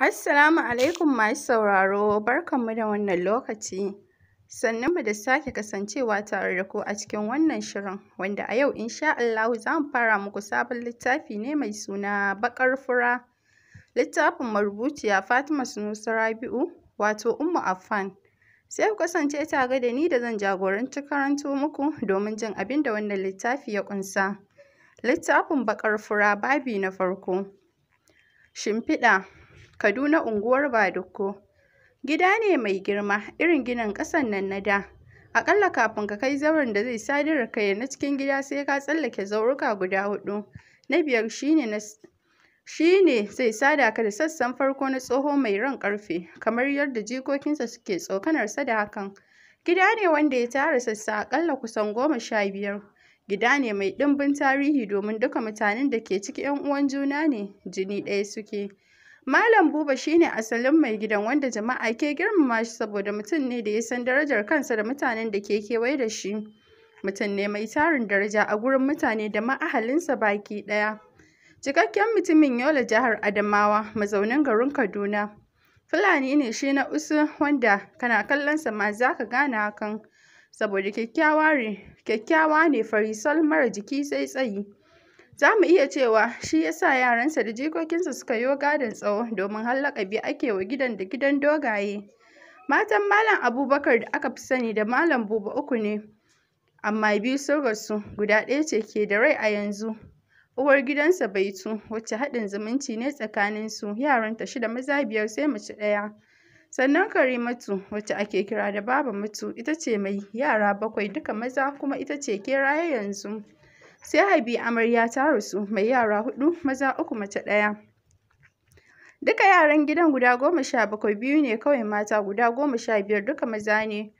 Assalamu alaikum masu sauraro, mu da wannan lokaci. mu da sake kasancewa tare da ku a cikin wannan shirin, wanda a yau insha Allahu za mu fara muku sabon littafi ne mai suna Bakar Fura. Littafin marubuciya Fatima sunusa Rabi'u, wato Ummu Affan. Sai ku kasance tare da ni da zan jagoranci karanto muku domin jin abin da wannan littafi ya kunsa. Littafin Bakar Fura babi na farko. Shimfiɗa Kaduna unguwar Badiko. Gida ne mai girma, irin ginin ƙasan nan na da. Aƙalla kafin ka kai zauren da zai sadar kai na cikin gida sai ka tsallake zauruka guda hudu. Na biyar shine na shi ne zai sada ka da sassan farko na tsoho mai ran ƙarfe, kamar yadda jikokinsa suke tsokanarsa da hakan. Gida ne wanda ya tara sassa aƙalla kusan goma sha biyar. Gida ne mai ɗimbin tarihi domin duka mutanen da ke ciki ‘yan uwan juna ne, jini ɗaya suke. Malam Buba shine asalin mai gidan wanda jama'a ke girmama shi saboda mutum ne da ya san darajar kansa da mutanen da ke kewaye da shi. Mutum ne mai tarin daraja a gurin mutane da ma'ahalinsa baki ɗaya. Cikakken mutumin Yola jihar Adamawa mazaunin garin Kaduna. Fulani ne shi na usu wanda kana kallonsa ma za ka gane hakan saboda kyakkyawa ne fari sal mara jiki sai tsayi. Za mu iya cewa shi ya sa yaransa da jikokinsa suka yo gadon tsawo domin hallaka biyu ake wa gidan da gidan dogaye. Matan Malam Abubakar da aka fi sani da Malam Buba uku ne, amma biyu sun rasu guda ɗaya ce ke da rai a yanzu. Uwar gidansa Baitu wacce haɗin zumunci ne tsakanin tsakaninsu yaranta shida maza biyar sai mace ɗaya. Sannan Karimatu wacce ake kira da Baba Mutu ita ce mai yara bakwai duka maza kuma ita ce ke raye yanzu. sai habi amarya ta rasu mai yara hudu maza uku mace ɗaya duka yaran gidan guda goma sha bakwai biyu ne kawai mata guda goma sha biyar duka maza ne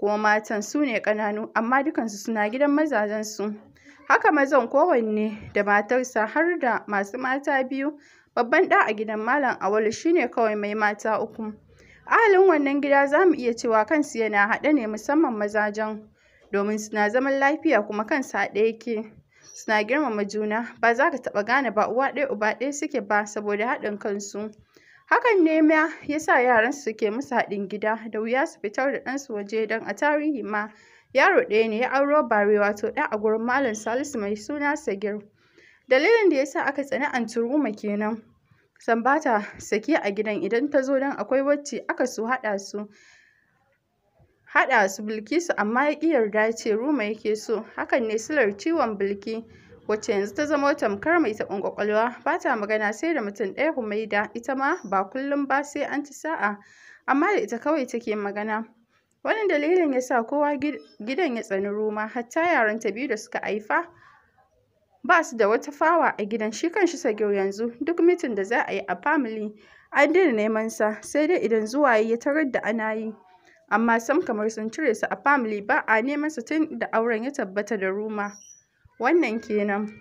kuma matan su ne ƙananu amma dukansu suna gidan mazajensu haka mazan kowanne da matarsa har da masu mata biyu babban ɗa a gidan malam awalu shine kawai mai mata uku ahalin wannan gida za mu iya cewa kansu yana haɗe ne musamman mazajen domin suna zaman lafiya kuma kansu haɗe yake suna girmama juna ba za ka taɓa gane ba uwa ɗaya uba ɗaya suke ba saboda haɗin kansu hakan ne ma ya sa yaransu ke musu haɗin gida da wuya su fitar da ɗansu waje don a tarihi ma yaro ɗaya ne ya auro bare wato ɗa a gurin malam salisu mai suna sagir dalilin da ya sa aka tsani turuma kenan sambata sake a gidan idan ta zo don akwai wacce aka so haɗa su haɗa su Bilkisu amma ya ƙi yarda ya ce Ruma yake so, hakan ne silar ciwon Bilki wacce yanzu ta zama tamkar mai taɓin ƙwaƙwalwa ba ta magana sai da mutum ɗaya Humaida ita ma ba kullum ba sai an ci sa'a amma da ita kawai take magana. Wani dalilin ya sa kowa gidan ya tsani Ruma hatta yaran ta biyu da suka haifa ba su da wata fawa a gidan shi kanshi Sagir yanzu duk mitin da za a yi a family an daina neman sa sai dai idan zuwa ya tarar da ana yi. amma sam kamar sun cire su a family ba a neman su tun da auren ya tabbata da Ruma. Wannan kenan.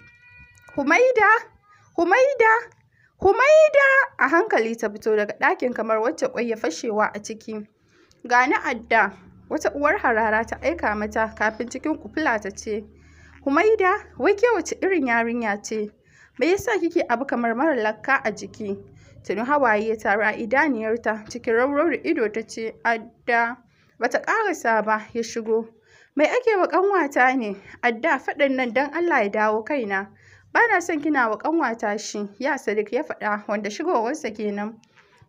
Humaida, Humaida, Humaida a hankali ta fito daga ɗakin kamar wacce kwai ya fashewa a ciki. Gani adda, wata uwar harara ta aika mata kafin cikin kufula ta ce, Humaida, wai ke wace irin yarinya ce? Me yasa kike abu kamar mara lakka a jiki? tuni hawaye ya taru a idaniyarta cikin da ido ta ce adda bata ƙarasa ba ya shigo mai ake wa kanwata ne adda faɗin nan don allah ya dawo kaina bana son kina wa kanwata shi ya sadiq ya faɗa wanda shigowarsa kenan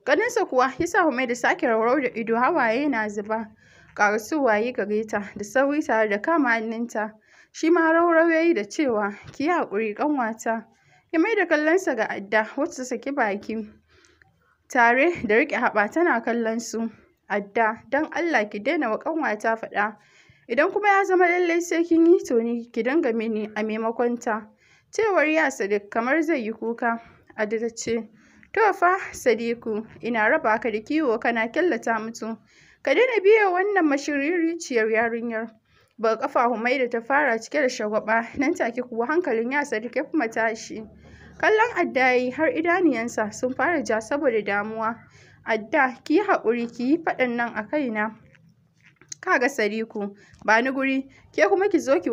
ganinsa kuwa ya sa mai da sake raurar da ido hawaye na zuba karasu waye gare ta da sauri tare da kama hannunta shi ma raurau ya da cewa ki yi haƙuri ƙanwata ya mai da kallonsa ga adda wacce ta saki baki tare da riƙe haɓa tana kallon su adda don Allah ki daina wa ƙanwata faɗa idan kuma ya zama lallai sai kin yi to ni ki dinga mini a maimakon ta cewar ya Sadiq kamar zai yi kuka adda ta ce to fa Sadiku ina raba ka da kiwo kana killata mutu ka daina biye wannan mashiririciyar yarinyar ba kafa Humaira ta fara cike da shagwaba nan take kuwa hankalin ya Sadiq ya kuma tashi Kallon Adda yayi har idaniyansa sun fara ja saboda damuwa. Adda ki yi haƙuri ki yi faɗan nan a kaina. Kaga Sadiku, ba ni guri, ke kuma ki zo ki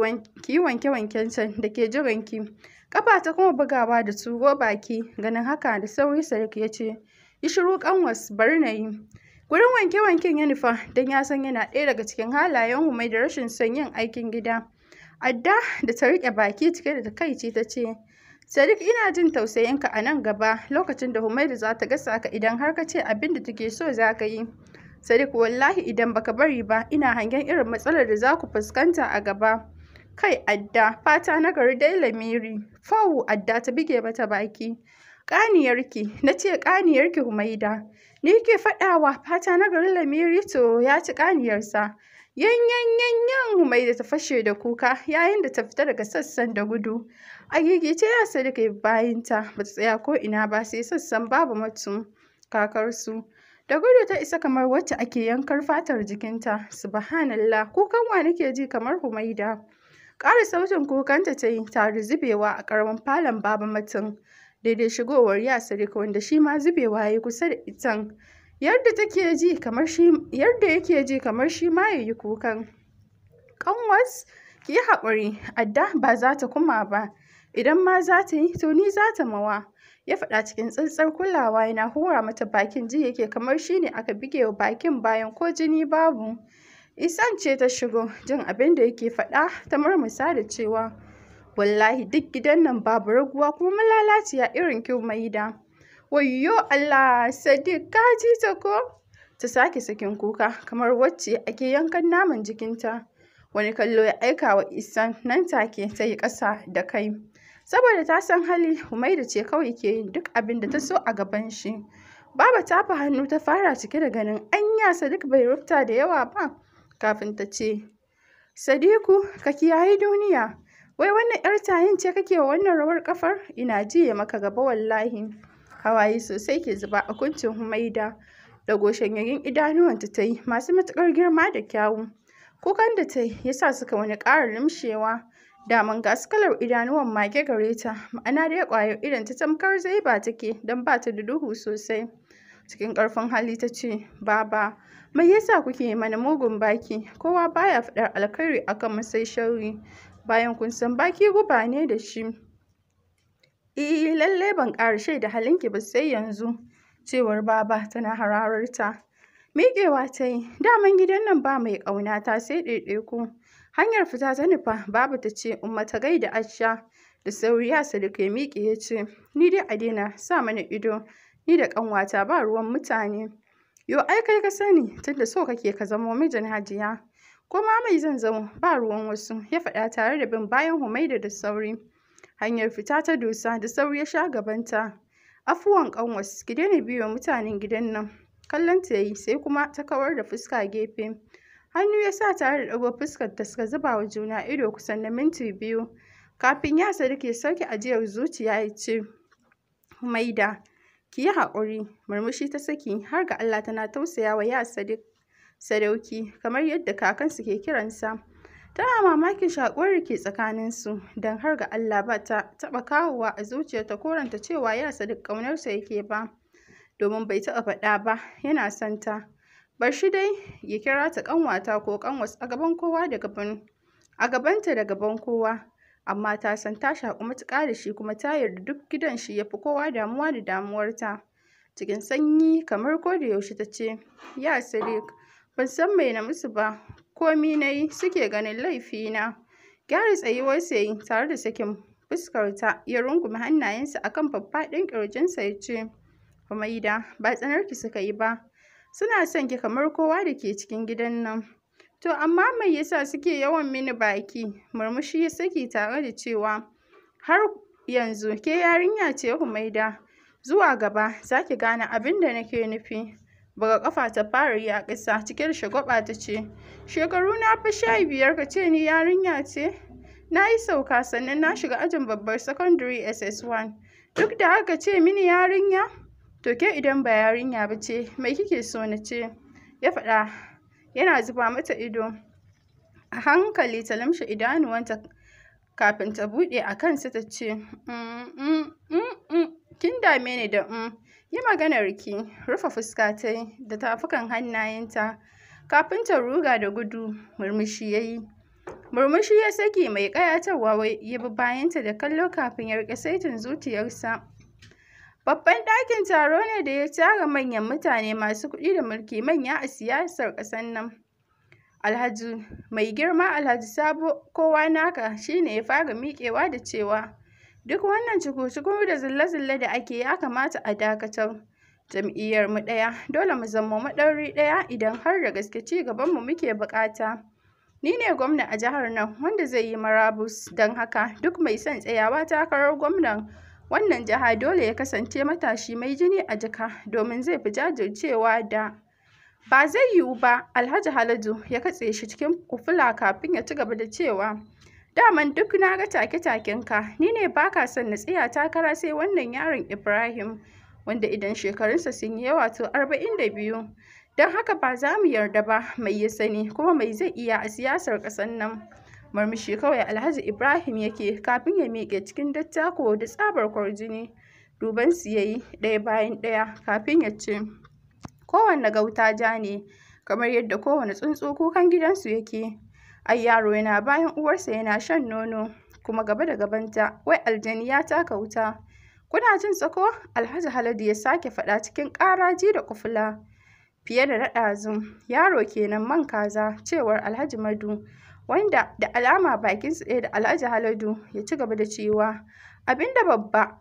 yi wanke-wanken can da ke jiranki. Kafa ta kuma bugawa da turo baki, ganin haka da sauri sarki ya ce, yi shiru kanwas bari na yi. Gurin wanke-wanken ya nufa don ya san yana ɗaya daga cikin halayen mai da rashin son yin aikin gida. Adda da ta riƙe baki cike da takaici ta ce, Sadiq ina jin tausayinka a nan gaba lokacin da Humairu za ta gasa ka idan har ka ce abin da take so za ka yi. Sadiq wallahi idan baka bari ba ina hangen irin matsalar da za ku fuskanta a gaba. Kai adda fata na gari dai lamiri fawu adda ta bige mata baki. Ƙaniyarki na ce ƙaniyarki Humaida. Ni ke faɗawa fata na gari lamiri to ya ci ƙaniyarsa. Yan-yan-yan-yan Humaida ta fashe da kuka yayin da ta fita daga sassan da gudu. A gigice ya sadu kai bayanta ba ta tsaya ko ina ba sai sassan babu mutum kakarsu. Da gudu ta isa kamar wacce ake yankar fatar jikinta. Subhanallah kukan wa nake ji kamar Humaida. Ƙara sautin kukanta ta yi tare zubewa a ƙaramin falon babu mutum. Daidai shigowar ya wanda shi ma zubewa ya kusa da itan. yadda take ji kamar shi yadda yake ji kamar shi ma yayi kukan kanwas ki yi haƙuri adda ba za ta kuma ba idan ma za ta yi to ni za ta mawa ya faɗa cikin tsantsar kulawa yana hura mata bakin ji yake kamar shi ne aka bige wa bakin bayan ko jini babu isan ce ta shigo jin abin da yake faɗa ta murmusa da cewa wallahi duk gidan nan babu raguwa kuma malalaciya irin kyau maida wayyo Allah Sadiq ka ji ta ko ta sake sakin kuka kamar wacce ake yankan naman jikinta wani kallo ya aika wa isan nan take ta yi ƙasa da kai saboda ta san hali humaida ce kawai ke yin duk abin da ta so a gaban shi baba ta fi hannu ta fara cike da ganin anya sadiq bai rufta da yawa ba kafin ta ce sadiku ka kiyaye duniya wai wannan yar tayin ce kake wannan rawar kafar ina ji ya maka gaba wallahi hawaye sosai ke zuba a kuncin humaida da goshanyayin idanuwanta ta yi masu matuƙar girma da kyawu kukan da ta yi ya sa suka wani ƙara limshewa daman ga kalar idanuwan mage gare ta ma'ana ya ƙwayo irin ta tamkar zai zaiba take don ba ta da duhu sosai cikin ƙarfin hali ta ce baba mai yasa kuke mana mugun baki kowa baya faɗar alkhairi akan mu sai shauri bayan kun san baki guba ne da shi Eh, lallai ban ƙara shaida halinki ba sai yanzu, cewar baba tana hararta. Miƙewa ta yi, daman gidan nan ba mai ƙauna ta sai ɗaiɗaiku. Hanyar fita ta nufa, babu ta ce, umma ta gaida asha Da sauri ya Sadiq ya miƙe ya ce, ni dai a daina sa mana ido, ni da ƙanwata ba ruwan mutane. Yo ai kai ka sani, tunda so kake ka zamo mijin Hajiya. Ko ma mai zan zamo ba ruwan wasu, ya faɗa tare da bin bayan Humaida da sauri. hanyar fita ta dusa da sauri ya sha gabanta afuwan ƙanwas ki daina biyo mutanen gidan nan kallon ta yi sai kuma ta kawar da fuska gefe hannu ya sa tare da ɗago fuskar ta suka zuba wa juna ido kusan na minti biyu kafin ya sarki sauke ajiyar zuciya ya ce maida ki yi haƙuri murmushi ta saki har ga Allah tana tausaya wa ya sadauki kamar yadda kakansu ke kiransa tana mamakin shakuwar ke tsakaninsu don har ga Allah ba ta taɓa kawowa a ta koranta cewa ya sadiq ƙaunarsa yake ba domin bai taɓa faɗa ba yana son ta bar shi dai ya kira ta ƙanwata ko ƙanwas a gaban kowa da gaban a gabanta da gaban kowa amma ta san ta shaƙu matuƙa da shi kuma ta yarda duk gidan shi ya fi kowa damuwa da damuwarta cikin sanyi kamar ko da yaushe ta ce ya sadiq ban san mai na musu ba komi na yi suke ganin laifina. Gyara tsayuwarsa ya yi tare da sakin fuskarta ya rungume hannayensa a kan faffaɗin ƙirjinsa ya ce, Humaida, ba tsanarki suka yi ba, suna son ki kamar kowa da ke cikin gidan nan. To amma mai yasa suke yawan mini baki, murmushi ya saki tare da cewa, har yanzu ke yarinya ce Humaida, zuwa gaba za ki gane abin da nake nufi. buga kafa ta fara yi a ƙasa cike da shagwaba ta ce shekaru na fi sha biyar ka ce ni yarinya ce na yi sauka sannan na shiga ajin babbar secondary ss1 duk da haka ce mini yarinya to ke idan ba yarinya ba ce mai kike so na ce ya faɗa yana zuba mata ido a hankali ta lamshe idanuwanta kafin ta buɗe a kansa ta ce mm, mm, mm, kin dame ni da mm yi maganar ki rufe fuska tai da tafukan hannayenta kafin ta ruga da gudu murmushi ya yi murmushi ya saki mai kayatarwa ya bi bayanta da kallo kafin ya rike saitin zuciyarsa babban ɗakin taro ne da ya tara manyan mutane masu kuɗi da mulki manya a siyasar ƙasar nan alhaji mai girma alhaji sabo kowa naka shine ya fara miƙewa da cewa Duk wannan cuku-cuku da zille-zille da ake ya kamata a dakatar. Jam'iyyar mu ɗaya, dole mu zamo maɗauri ɗaya idan har da gaske ci mu muke buƙata. Ni ne gwamna a jihar nan wanda zai yi marabus don haka duk mai son tsayawa takarar gwamnan wannan jiha dole ya kasance matashi mai jini a jika domin zai fi jajircewa da ba zai yiwu ba Alhaji Haladu ya katse shi cikin kufula kafin ya ci gaba da cewa daman duk na ga take taken ka ni ne ba ka son na tsiya takara sai wannan yaron ibrahim wanda idan shekarunsa sun yi yawa to arba'in da biyu don haka ba za mu yarda ba mai ya sani kuma mai zai iya a siyasar ƙasar nan murmushi kawai alhaji ibrahim yake kafin ya miƙe cikin dattako da tsabar kwarjini duban su yayi ɗaya bayan ɗaya kafin ya ce kowanne gauta ja ne kamar yadda kowane tsuntsu kukan gidansu yake ai yaro yana bayan uwarsa yana shan nono kuma gaba da gabanta wai aljani ya taka wuta kuna jin tsako alhaji haladu ya sake faɗa cikin ƙaraji da kufula fiye da raɗazun yaro kenan man kaza cewar alhaji madu wanda da alama bakinsu ɗaya da alhaji haladu ya ci gaba da cewa abinda babba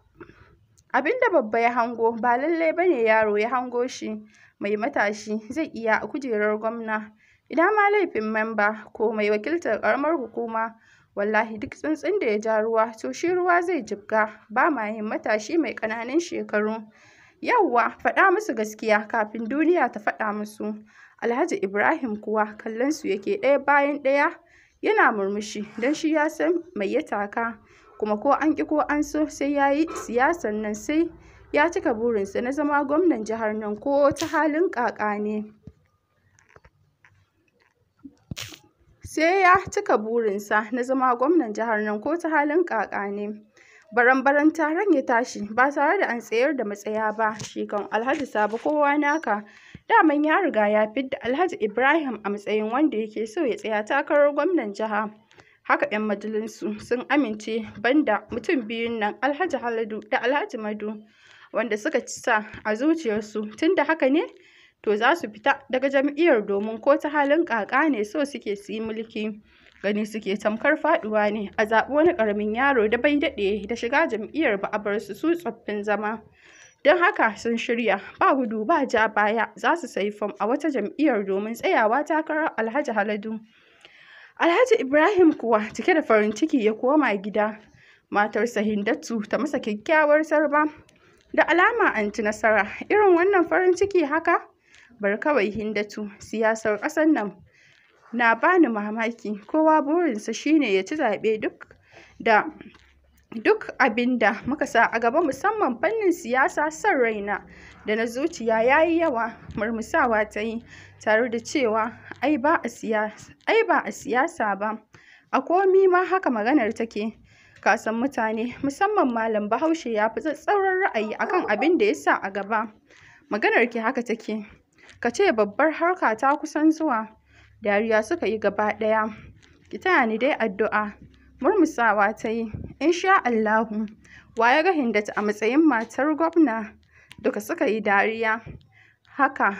abinda babba ya hango ba lallai bane yaro ya hango shi mai matashi zai iya a kujerar gwamna Idan ma laifin memba ko mai wakiltar ƙaramar hukuma, wallahi duk tsuntsun da ya ja ruwa to shi ruwa zai jibga, ba ma yin matashi mai ƙananun shekaru. yauwa faɗa musu gaskiya kafin duniya ta faɗa musu. Alhaji Ibrahim kuwa kallon su yake ɗaya bayan ɗaya yana murmushi don shi ya san mai ya taka kuma ko an ƙi ko an so sai ya yi siyasan nan sai ya cika burinsa na zama gwamnan jihar nan ko ta halin ƙaƙa ne. sai ya cika burinsa na zama gwamnan jihar nan ko ta halin kaka ne baran-baran taron ya tashi ba tare da an tsayar da matsaya ba shi kan alhaji sabo kowa naka daman ya riga ya fidda alhaji ibrahim a matsayin wanda yake so ya tsaya takarar gwamnan jiha haka 'yan majalisu sun amince banda mutum biyun nan alhaji haladu da alhaji madu wanda suka ci sa a zuciyarsu tunda haka ne to za su fita daga jam'iyyar domin ko ta halin ƙaƙa ne so suke su yi mulki gani suke tamkar faduwa ne a zaɓi wani ƙaramin yaro da bai daɗe da shiga jam'iyyar ba a bar su su tsoffin zama don haka sun shirya ba gudu ba ja baya za su sayi fam a wata jam'iyyar domin tsayawa takarar alhaji haladu alhaji ibrahim kuwa cike da farin ciki ya koma gida matarsa Hindattu ta masa kyakkyawar sarba da alama anti nasara irin wannan farin ciki haka bari kawai Hindatu siyasar ƙasar nan na bani mamaki kowa burinsa shine ya ci zaɓe duk da duk abin da muka sa a gaba musamman fannin siyasa son raina da na zuciya ya yi yawa murmusawa ta yi tare da cewa ai ba a siyasa ba a komi ma haka maganar take kasan mutane musamman malam bahaushe ya fi tsatsauran ra'ayi akan abin da ya sa a gaba maganar ki haka take ka ce babbar harka ta kusan zuwa dariya suka yi gaba ɗaya ki taya ni dai addu'a murmusawa ta yi insha Allahu gahin ga Hindata a matsayin matar gwamna duka suka yi dariya haka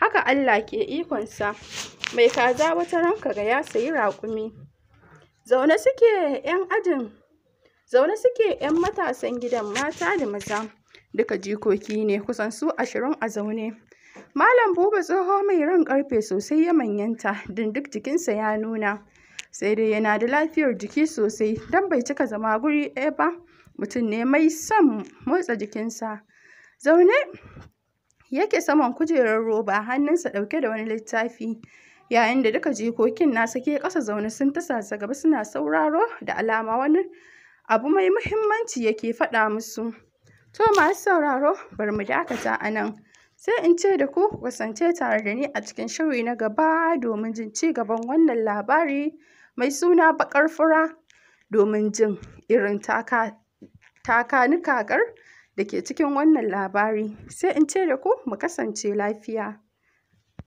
haka Allah ke ikonsa mai kaza wata ranka ga ya sayi raƙumi zaune suke 'yan ajin zaune suke 'yan matasan gidan mata da maza duka jikoki ne kusan su ashirin a zaune Malam Buba tsoho mai ran ƙarfe sosai ya manyanta, don duk jikinsa ya nuna. Sai dai yana da lafiyar jiki sosai, don bai cika zama guri ɗaya ba. Mutum ne mai son motsa jikinsa. Zaune yake saman kujerar roba, hannunsa ɗauke da wani littafi. Yayin da duka jikokin nasa ke ƙasa zaune sun tasa gaba suna sauraro da alama wani abu mai muhimmanci yake faɗa musu. To masu sauraro, bari mu dakata a nan. Sai in ce da ku kasance tare da ni a cikin shiri na gaba domin jin ci gaban wannan labari mai suna baƙar fura domin jin irin takanikakar da ke cikin wannan labari. Sai in ce da ku mu kasance lafiya.